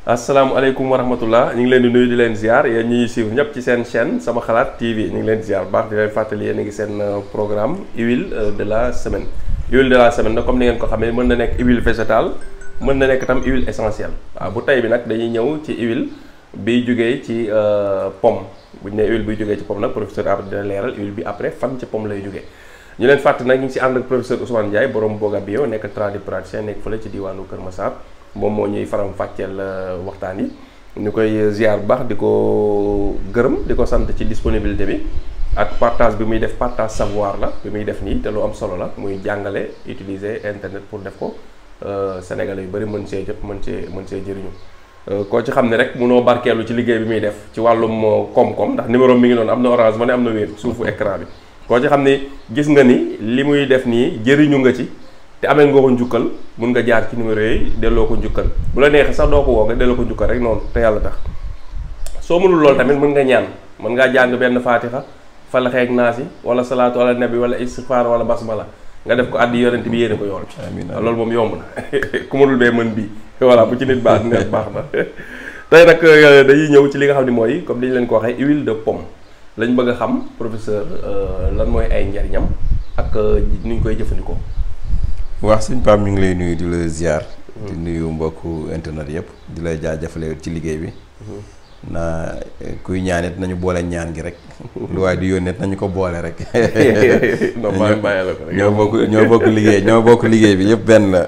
asalaamaaleykum wa rahmatullah ñu ngi leen di nuyu di leen ziar yéen ñi ñuy ñep ci seen chaîne sama xalaat TV ñi ngi leen ziar baax di leen fàttali yéen a ngi seen euh, programme huile euh, de la semaine huile de la semaine nag comme ni ngeen ko xamee mën na nekk huile végétale mën na nekk tam huile essentielle waaw bu tey bi nag dañuy ñëw ci huile bi jógee ci euh, pomme bu ñu nee huile bi jógee ci pomme nag professeur Abdou dina leeral huile bi après fan ci pomme lay jógee ñu leen fàttali nag ñu ci si ànd ak professeur Ousmane Ndiaye borom Boga Bio nekk tradipraticien nekk fële ci diwaanu Kër Massar moom moo ñuy faram fàcceel euh, waxtaan yi ñu koy ziar bu baax di ko gërëm di ko sant ci disponibilité bi ak partage bi muy def partage savoir la bi muy def nii te lu am solo la muy jàngale utiliser internet pour def ko euh, sénégalais yu bari mën see jëpp mën see mën see jëriñu euh, koo ci xam ne rek munoo barkeelu ci liggéey bi muy def ci wàllum koom-koom ndax numéro mi ngi noonu am na orange ma ne am na wéer suufu écran bi koo ci xam ne gis nga ni li muy def nii jëriñu nga ci té amé nga ko njukkal mun nga jaar ci numéro yi délo ko njukkal bu la neexee sax doo ko woo nga délo ko njukkal rek non té yalla tax so mënu loolu tamit mën nga ñaan mën ngaa jàng benn faatixa falaxeeg naas nasi wala salatu ala nabi wala istighfar wala basmala nga def ko addi yoonent bi yéne ko yoon ci loolu moom yomb na ku mënul bee mën bi wala bu ci nit baax ne baax na tay nak euh, dañuy ñëw ci li nga xamni moy comme liñ leen ko waxee huile de pomme lañ bëgg xam professeur euh, lan moy ay ñariñam ak euh, niñ koy jëfëndiko wax suñ Pape ñu ngi lay nuyu di la ziar. di nuyu mbokku internet yëpp di lay jaajëfale ci liggéey bi. Mm-hmm. na eh, kuy ñaanit nañu boole ñaan gi rek. lu waay di yónnee nañu ko boole rek. non maa ngi ñoo bokk ñoo bokk liggéey ñoo bokk liggéey bi yëpp benn la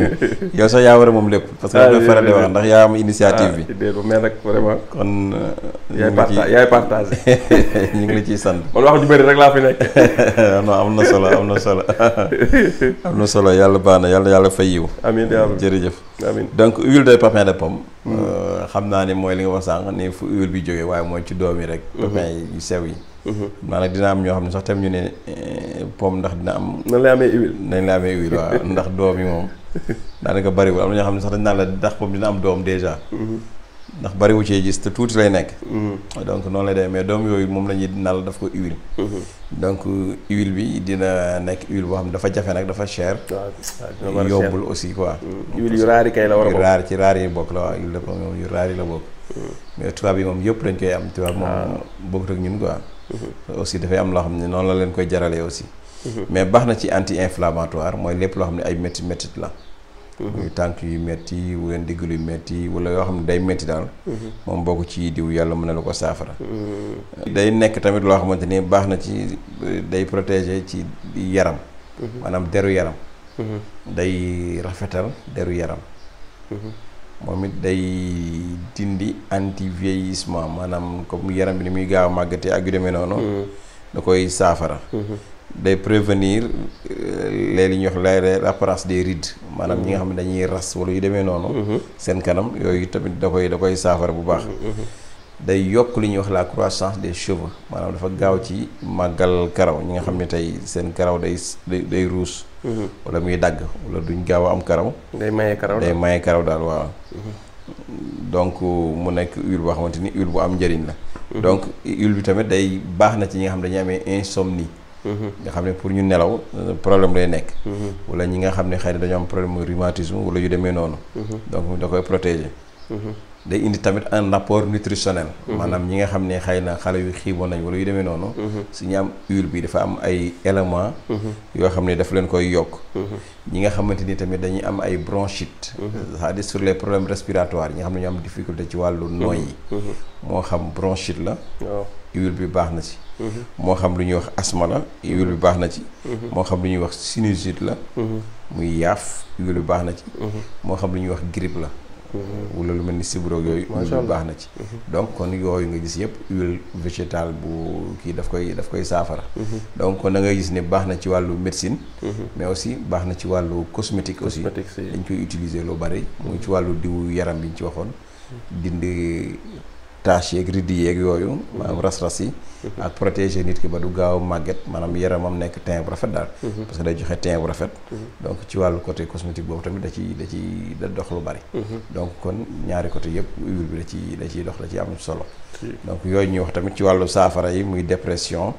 yow sax yaa war a moom lépp. parce que dafa ah, faral di wax ndax yaa am initiative bi. Ah, dégg mais nag vraiment. kon. Euh, yaay partage ñu ngi la ciy sant. man wax bëri rek laa fi na solo am na solo am na solo yàlla baax na yàlla yàlla fay yiw. amiin jërëjëf. amiin donc huile de pépin de pomme. Mm. Euh, xam naa ni mooy li nga wax sànq ne bi jógee waaye mooy ci doom yi rek. Mm-hmm. sew yi. Mhm. maanaam dina am ñoo xam ne sax tam ñu ne eh, pomme ndax dina am. na lay amee huile nañ la amee huile ndax doom yi moom daanaka bariwul am na ñoo xam ne sax dañ naan la ndax pomme dina am doom déjà. Mhm. ndax bariwu cee gis te tuuti lay nekk. Mm-hmm. donc noonu lay demee mais doom yooyu moom la ñuy nal daf ko huile. Mm-hmm. donc huile bi dina nekk huile boo xam dafa jafe nag dafa cher. Ah, ah, waaw yombul aussi quoi. Mm-hmm. yu raar kay la war a bokk ci raar yi bokk la waaw huile la moom yu raar yi la bokk. mais tubaab yi moom yëpp dañ koy am. tubaab moom ah. bokkut ak ñun quoi. aussi dafay am loo xam ne noonu la leen koy jaralee aussi. mais baax na ci anti inflammatoire mooy lépp loo xam ne ay métti métti la. tànk yu metti wala ndigg lu metti wala yoo xam ne day metti daal moom boo ci diw yàlla mën na la ko saafara day nekk tamit loo xamante ni baax na ci day protégé ci yaram maanaam deru yaram day rafetal deru yaram moom it day dindi anti vieillissement maanaam comme yaram bi ni muy gaaw a màggatee ak yu demee noonu mm-hmm. da koy saafara mm-hmm. day prévenir euh, léeg li ñuy la l'apparence des rides maanaam ñi nga xam ne dañuy ras wala yu demee noonu mhm. seen kanam yooyu tamit da koy da koy saafara bu baax mhm, mhm. day yokk li ñuy wax la croissance des cheveux maanaam dafa gaaw ci màggal karaw ñi nga xam ne tey seen karaw day day ruus wala muy dagg wala duñ gaaw am karaw day maye karaw day maye karaw daal waaw donc mu nekk huile boo xamante ni huile bu am njëriñ la donc huile bi tamit day baax na ci ñi nga xam ne dañuy amee insomnie nga xam ne pour ñu nelaw euh, problème lay nekk mm-hmm. wala ñi nga xam ne xëy na dañoo am problème rhumatisme wala ñu demee noonu mm-hmm. donc da koy protéger Mm-hmm. day indi tamit un apport nutritionnel. Mm-hmm. maanaam ñi nga xam ne xëy na xale yu xiiboon nañ wala yu demee noonu. Mm-hmm. su ñu am huile bi dafa am ay éléments. yoo xam ne dafa leen koy yokk. ñi nga xamante ni tamit dañuy am ay bronchite. c'est-à-dire sur les problèmes respiratoires ñi nga xam ne ñu am difficulté ci wàllu nooy yi. moo xam bronchite la. huile bi baax na ci. moo xam lu ñuy wax asma la huile bi baax na ci. moo xam lu ñuy wax sinusite la. muy yaaf huile bi baax na ci. moo xam lu ñuy wax grippe la. wala lu mel ni sibro yooyu huile baax na ci mhm. donc kon yooyu nga gis yëpp huile végétale bu kii daf koy daf koy saafara mhm. donc kon da nga gis ne baax na ci wàllu médecine mhm. mais aussi baax na ci wàllu cosmétique aussi dañ koy utiliser lu bari muy ci wàllu diw yaram bi ñu ci waxoon dindi tache yeeg rides yeeg yooyu. maanaam ras-ras yi. Mhm. ak protéger nit ki ba du gaaw màgget maanaam yaramam nekk teint bu rafet daal. Mhm. parce que day joxe teint bu rafet. Mhm. donc ci wàllu côté cosmétique boobu tamit da ci da ci da dox lu bari. donc kon ñaari côté yëpp huile da ci da ciy dox da ci am solo. donc yooyu ñuy wax tamit ci wàllu saafara yi muy dépression.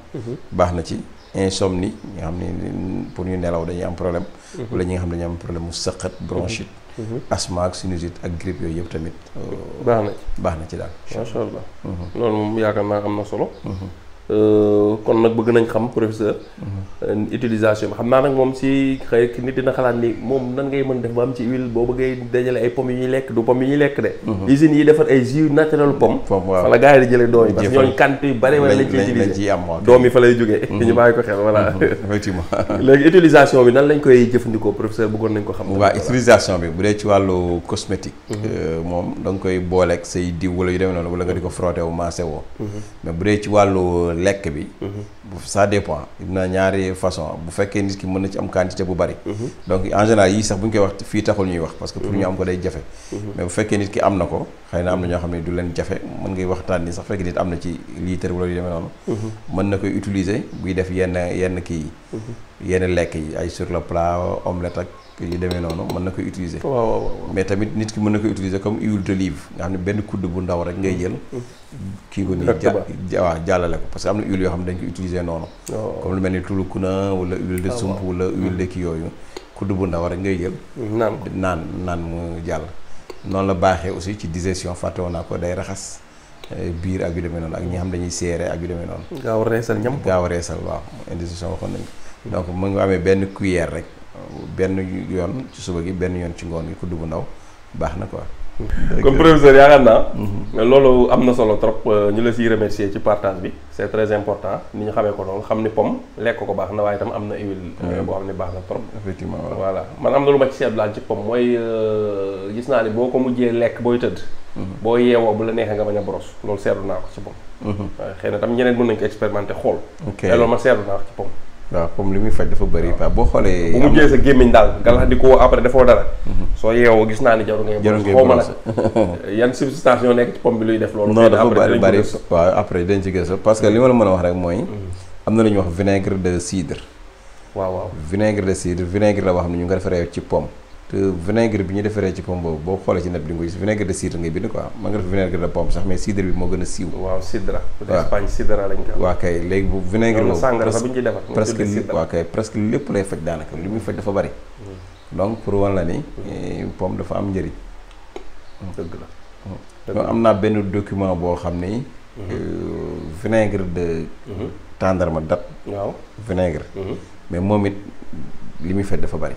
baax na ci. insomnie ñi nga xam ne pour ñu nelaw dañuy am problème. wala ñi nga xam ne dañuy am problème mu sëqat bronchite. Mhm. asthme ak sinusite ak grippe yooyu yëpp tamit. Euh, baax na baax na ci daal. macha allah mhm. loolu moom yaakaar naa am na solo. Mhm. Euh, kon nag bëgg nañ xam professeur. Euh, utilisation bi xam naa nag moom si xëy nit dina xalaat ni moom nan ngay mën def ba am ci huile boo bëggee dajale ay pomme yu ñuy lekk du pomme yu ñuy lekk de. Mhm. usines yi defar ay jus naturel pomme. pomme waaw fa la gars yi di jëlee doom yi. parce que ñooñu quantité yu bari wala lañ ciy utilisé doom yi fa lay jógee. Mhm. ñu bàyyi ko xel voilà. Mhm, léegi utilisation bi nan lañ koy jëfandikoo professeur bëggoon nañ ko xam. waaw utilisation bi bu dee ci wàllu cosmétique. Euh, moom da nga koy booleeg say diw wala yu demee noonu wala nga di ko frotté wu maasé woo. mais bu dee ci lekk bi mm-hmm. ça dépend na ñaari façon bu fekkee nit ki mën na ci am quantité bu bari donc en général yii sax bu koy wax fii taxul ñuy wax parce que pour ñu am ko day jafe mhm. mais bu fekkee nit ki am na ko xëy na am na ñoo xam ne du leen jafe mën mais tamit nit ki mën na koy utiliser comme huile d'olive nga xam ne benn kudd bu ndaw rek ngay jël mhm. kii ko nii waaw jàllale ko parce que am na huile yoo xam ne dañ ko utiliser noonu oh. comme lu mel ni tulukuna wala huile de ah, sump wala huile de mm. kii yooyu kudd bu ndaw rek ngay jël naan naan mu jàll noonu la baaxee aussi ci digestion fàtte woon naa ko day raxas eh, biir ak yu demee noonu ak ñi xam dañuy seere ak yu demee noonu gaaw reesal ñam gaaw reesal waaw indigestion waxoon nañ donc mu ngi amee benn cuillère rek benn yoon ci suba gi benn yoon ci ngoon gi kudd bu ndaw baax na ko comme professeur yaakaar naa. loolu am na solo trop euh, ñu la siy remercier ci partage bi c'est très important ni ñu xamee ko noonu xam ni pomme lekk ko baax na waaye itam am na huile. Euh, mm. boo xam ne baax na trop. effectivement voilà man am na lu ma ci seetlu daal ci pomme mooy euh, gis naa ni boo ko mujjee lekk booy tëdd. Mm-hmm. boo yeewoo bu la neexee nga bañ a brosse loolu seetlu naa ko ci pomme. Mm-hmm. xëy na tam ñeneen mën nañ ko expérimenter xool. ok loolu ma seetlu naa ko ci pomme. waaw comme li muy faj dafa bëri pa boo xoolee. bu mujjee sa gémmiñ daal galax di ko après defoo dara. Mhm. soo yeewoo gis naa ni jarul ngay. jarul ngay xaw ma nag yan substance yoo bi luy def loolu. non dafa bëri bëri waaw après dañ ci gëstu parce que li ma la mën a wax rek mooy. Mhm. am na lu ñu wax vinaigre de cidre. waaw waaw vinaigre de cidre vinaigre la wax xam ne ñu nga ko defaree ci pomme. te vinaigre bi ñu defaree ci pomme boo xoolee ci net bi nga gis vinaigre de cidre ngay bind quoi mën nga def vinaigre de pomme sax mais cidre bi moo gën a siiw. waaw cidra. waaw Espagne cidra lañ ko. waaw kay léegi bu vinaigre boobu presque lépp lay faj daanaka li muy faj dafa bari. Hmm. donc pour wan la ni. Hmm. Eh, dafa am njëriñ. Hmm, dëgg la. dëgg am naa benn document boo xam ni. Euh, vinaigre de. tàndarma dat. waaw mais moom it li muy faj dafa bari.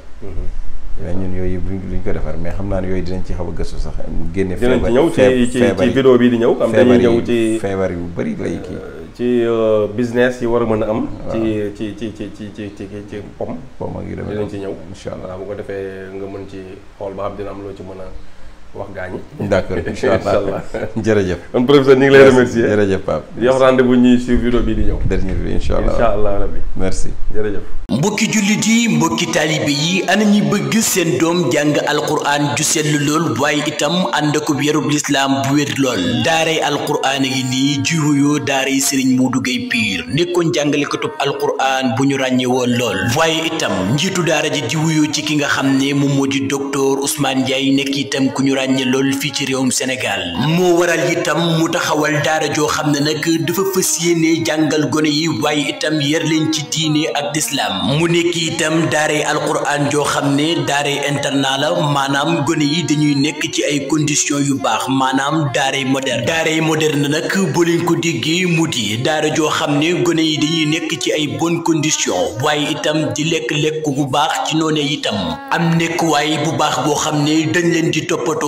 mais ñun yooyu duñ ko defar mais xam naa ne yooyu dinañ ci xaw a gëstu sax génne dinañ ci ñëw ci ci ci vidéo bi di ñëw am dañuy ñëw ci feebar yu bëri lay kii euh, ci euh, business yi war a mën a am ci ci ci ci ci ci ci ci pom pom ak yu demee dinañ ci ñëw incha allah bu ko defee nga mën ci xool ba xam dina am loo ci mën a wax gaañ. d'accord incha allah jërëjëf. professeur ñu ngi lay remercier jërëjëf Pape. yox rendez-vous ñuy suivre vidéo bii di ñëw. dernier bi incha allah rabbi merci jërëjëf. mbokki jullit yi mbokki taalibe yi ana ñi bëgg seen doom jàng alquran ju sell lool waaye itam ànd ak yarub lislaam bu wér lool. daaray alquran yi nii ji wuyoo daaray Serigne Modou Gueye Pire nekkoon jàngalekatub alquran bu ñu ràññee woon lool. waaye itam njiitu daara ji ji wuyoo ci ki nga xam ne moom moo di docteur Ousmane Ndiaye nekk itam ku ñu ràññe lool fii ci réewum Sénégal moo waral itam mu taxawal daara joo xam ne nag dafa fas yéene jàngal gone yi waaye itam yar leen ci diine ak lislaam mu nekk itam daaray alquran joo xam ne daaray internat la maanaam gone yi dañuy nekk ci ay conditions yu baax maanaam daaray moderne yi moderne nag boo leen ko déggee mu di daara joo xam ne gone yi dañuy nekk ci ay bon conditions waaye itam di lekk lekk bu baax ci noonee itam am nekk waaye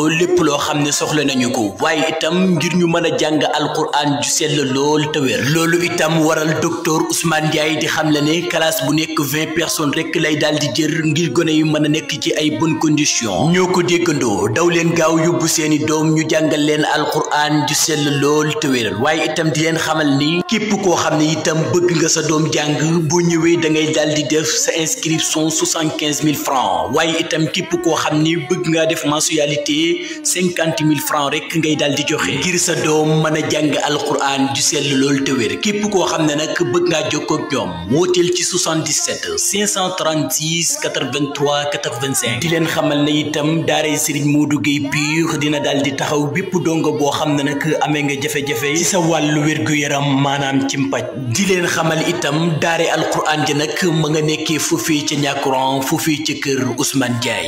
toppatoo lépp loo xam ne soxla nañu ko waaye itam ngir ñu mën a jàng alquran ju sell lool te wér loolu itam waral docteur Ousmane Ndiaye di xam le ne classe bu nekk vingt personnes rek lay daal di jër ngir gone yu mën a nekk ci ay bonnes conditions ñoo ko déggandoo daw leen gaaw yóbbu seeni doom ñu jàngal leen alquran ju sell lool te wér waaye itam di leen xamal ni képp koo xam ne itam bëgg nga sa doom jàng boo ñëwee da ngay daal di def sa inscription soixante quinze mille francs waaye cinquante 000 francs rek ngay daal di joxe ngir sa dom meuna jang alquran ju sel lol te wer kep ko xamne nak beug nga ngaa ak ci 77 536 83 85 di len xamal ne itam daaray serigne Modou Gueye pure dina daal di taxaw bepp dongo bo xamne nak amé nga jafé jafé ci sa walu wer gu yaram manam ci mpaj di len xamal itam daare alquran ji nak ma nga nekké fofé ci ñàkkuran fofé ci kër Ousmane jay